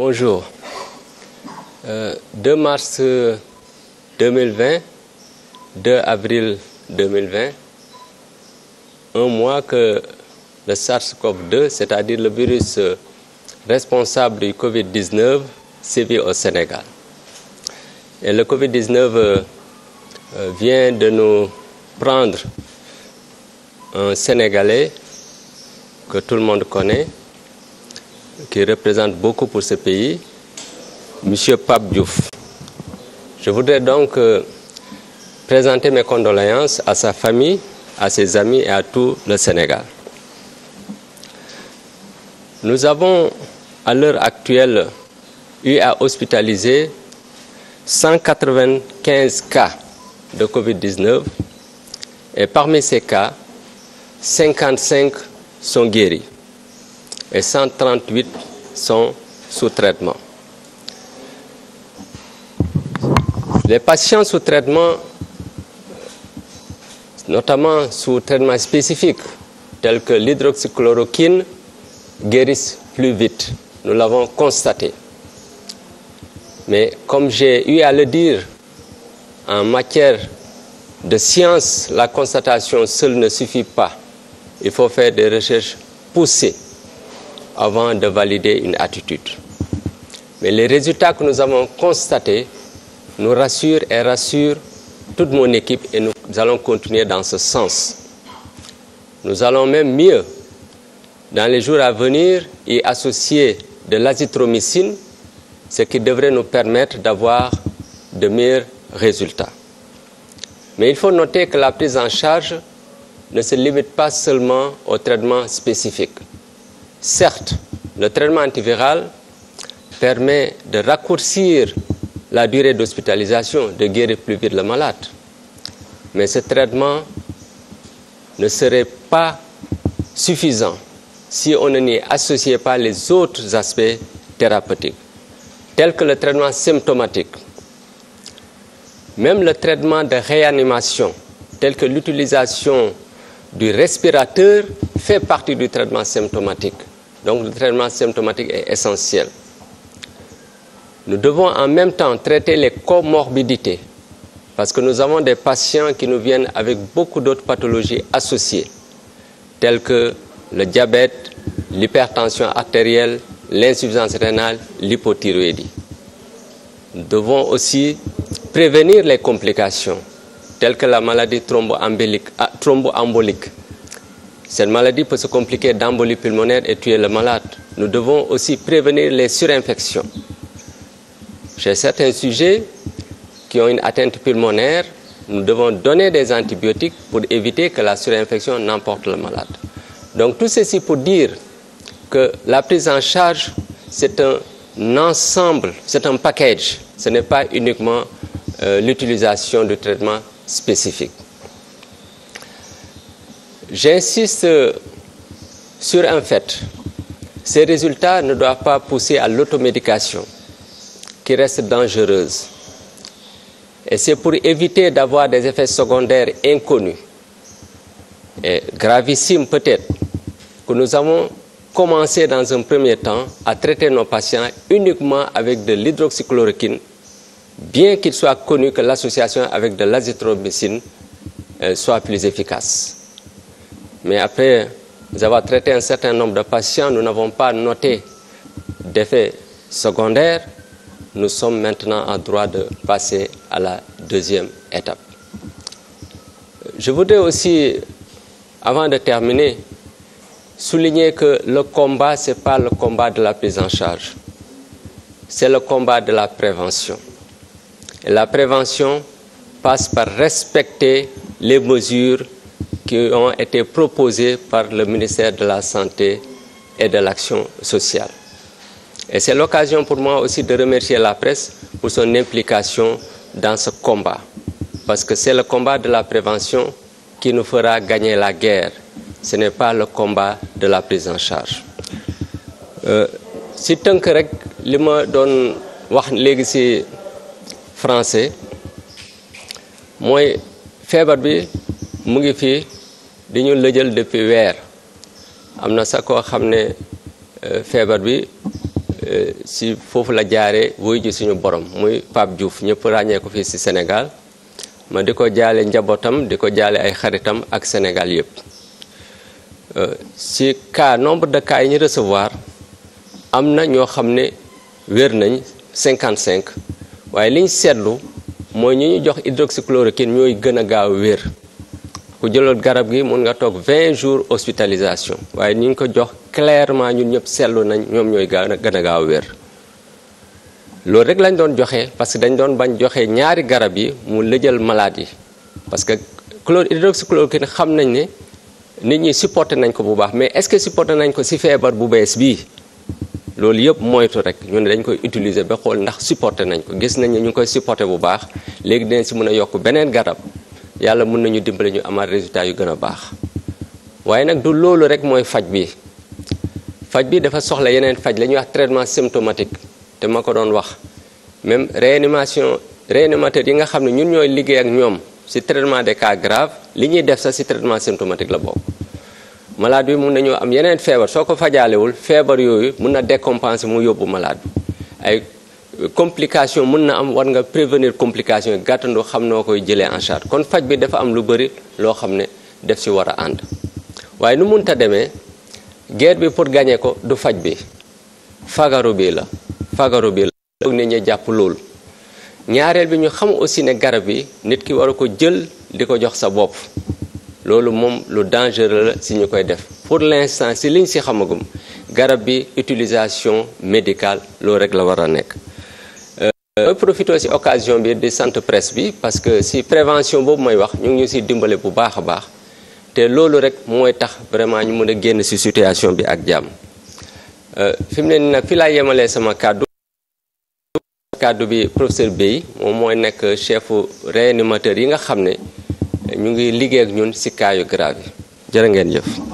Bonjour. 2 euh, mars 2020, euh, 2 avril 2020, un mois que le SARS-CoV-2, c'est-à-dire le virus euh, responsable du COVID-19, sévit au Sénégal. Et le COVID-19 vient de nous prendre un Sénégalais que tout le monde connaît, qui représente beaucoup pour ce pays, M. Pape Diouf. Je voudrais donc euh, présenter mes condoléances à sa famille, à ses amis et à tout le Sénégal. Nous avons, à l'heure actuelle, eu à hospitaliser 195 cas de Covid-19 et parmi ces cas, 55 sont guéris et 138 sont sous traitement. Les patients sous traitement, notamment sous traitement spécifique, tels que l'hydroxychloroquine, guérissent plus vite. Nous l'avons constaté. Mais comme j'ai eu à le dire, en matière de science, la constatation seule ne suffit pas. Il faut faire des recherches poussées avant de valider une attitude. Mais les résultats que nous avons constatés nous rassurent et rassurent toute mon équipe et nous allons continuer dans ce sens. Nous allons même mieux, dans les jours à venir, y associer de l'azithromycine, ce qui devrait nous permettre d'avoir de meilleurs résultats. Mais il faut noter que la prise en charge ne se limite pas seulement au traitement spécifique. Certes, le traitement antiviral permet de raccourcir la durée d'hospitalisation, de guérir plus vite le malade. Mais ce traitement ne serait pas suffisant si on n'y associait pas les autres aspects thérapeutiques, tels que le traitement symptomatique, même le traitement de réanimation, tel que l'utilisation du respirateur, fait partie du traitement symptomatique. Donc le traitement symptomatique est essentiel. Nous devons en même temps traiter les comorbidités, parce que nous avons des patients qui nous viennent avec beaucoup d'autres pathologies associées, telles que le diabète, l'hypertension artérielle, l'insuffisance rénale, l'hypothyroïdie. Nous devons aussi prévenir les complications, telles que la maladie thromboembolique, ah, cette maladie peut se compliquer d'embolie pulmonaire et tuer le malade. Nous devons aussi prévenir les surinfections. Chez certains sujets qui ont une atteinte pulmonaire, nous devons donner des antibiotiques pour éviter que la surinfection n'emporte le malade. Donc tout ceci pour dire que la prise en charge, c'est un ensemble, c'est un package. Ce n'est pas uniquement euh, l'utilisation de traitements spécifiques. J'insiste euh, sur un fait. Ces résultats ne doivent pas pousser à l'automédication, qui reste dangereuse. Et c'est pour éviter d'avoir des effets secondaires inconnus, et gravissimes peut-être, que nous avons commencé dans un premier temps à traiter nos patients uniquement avec de l'hydroxychloroquine, bien qu'il soit connu que l'association avec de l'azithromycine euh, soit plus efficace. Mais après avoir traité un certain nombre de patients, nous n'avons pas noté d'effets secondaires. Nous sommes maintenant en droit de passer à la deuxième étape. Je voudrais aussi, avant de terminer, souligner que le combat, ce n'est pas le combat de la prise en charge, c'est le combat de la prévention. Et la prévention passe par respecter les mesures qui ont été proposés par le ministère de la Santé et de l'Action sociale. Et c'est l'occasion pour moi aussi de remercier la presse pour son implication dans ce combat. Parce que c'est le combat de la prévention qui nous fera gagner la guerre. Ce n'est pas le combat de la prise en charge. Euh, si tant rek je français moi faire di ñu lëjal depuis weer am na sa koo xam ne euh, feebar bi euh, si foofu la jaare wuy ji suñu borom muy Pape Diouf ñëpp ràññee ko fii si senegal ma di ko jaale njabootam di ko jaale ay xaritam ak Sénégal yëpp euh, si cas nombre de cas yi ñu recevoir am na ñoo xam ne wér nañ cinquante 55 waaye liñ seetlu mooy ñu ñu jox hydroxychloroquine ñooy gën a gaaw wér ku jëloon garab gi mun nga toog 20 jours hospitalisation waaye ñu ngi ko jox clairement ñun ñëpp seetlu nañ ñoom ñooy gën a gaaw wér loolu rek lañ doon joxe parce que dañ doon bañ joxe ñaari garab yi mu lëjal malaat yi parce que chlor hydroxychloroquine xam nañ ne nit ñi supporté nañ ko bu baax mais est-ce que supporté nañ ko ci feebar bu bees bii loolu yëpp moytu rek ñu ne dañ koy utiliser ba xool ndax supporté nañ ko gis nañ ñu ngi koy supporté bu baax léegi dinañ ci mën a yokk beneen garab yalla mën nañu dimbali ñu amal résultat yu gëna bax waye nak du lolu rek moy faj bi faj bi dafa soxla yenen faj lañu wax traitement symptomatique té mako doon wax même réanimation réanimateur yi nga xam ñun ñoy liggé ak ñom si traitement des cas graves li ñi def sax si traitement symptomatique la bok malade bi mën nañu am yenen fièvre soko ko fajaalewul feebar yooyu mun na décompenser mu yobbu malade ay complication mën na am war nga prévenir complication yi gàttandu xam noo koy jëlee en charge kon faj bi dafa am lu bëri loo xam ne def si war a ànd waaye nu munta demee guerre bi pour gañee ko du faj bi fagaru bi la fagaru bi la foog nit ñi jàpp loolu ñaareel bi ñu xam aussi ne garab yi nit ki war a ko jël di ko jox sa bopp loolu moom lu dangereux la si ñu koy def pour l'instant si liñ si xamagum garab bi utilisation médicale loolu rek la war a nekk Je euh, profite aussi occasion bi de centre presse bi parce que si prévention bob may wax ñu ngi ñu ciy dimbale bu baax baax té lolu rek moy tax vraiment ñu mëna a génn ci situation bi ak jàmm euh mu ne nii fi la yemalee sama cadeau cadeau bi professeur Bey moom mooy nekk chef réanimateur yi nga xamné ñu ngi liggé ak ñun ci cas yu grave yi jërë ngeen jëf